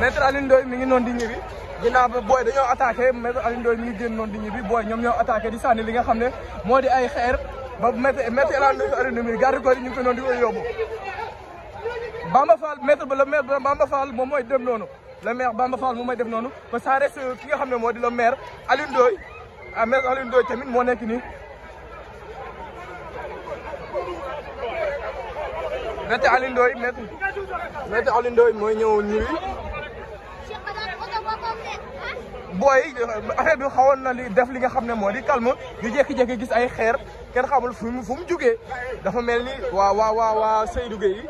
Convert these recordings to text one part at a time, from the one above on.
maître Alioune mi ngi noonu di ñibbi ginnaaw ba booy dañoo attaqué maître Alioune Ndoye mi ngi génn noonu ñibbi booy ñoom ñoo attaqué di sànni li nga xam ne moo di ay xeer ba maître maître Alioune Ndoye garde corps yi ñu ko noonu di koy yóbbu Bamba Fall maître ba le maire Bamba moom mooy dem noonu le maire Bamba Fall moom mooy dem xam ne moo di le maire Alioune Ndoye ah moo nekk nii maître ñibbi booy affaire bi xawoon na li def li nga xam ne moo di calme ñu jékki jekki gis ay xeer kenn xamul fu mu fu mu jugee dafa mel ni waa waa waa waa Seydou Gueye yi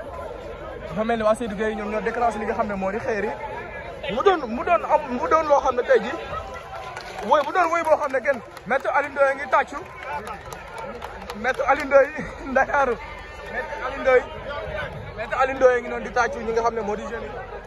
dafa mel ni waa Seydou Gueye yi ñoom ñoo déclenché li nga xam ne moo di xeer yi mu mu doon am mu doon loo xam ne tey ji woy bu doon woy boo xam ne kenn maître Alioune Ndoye ngi tàccu maître Alioune Ndoye Ndakaaru maître Alioune Ndoye di tàccu ñi nga xam ne moo di jeune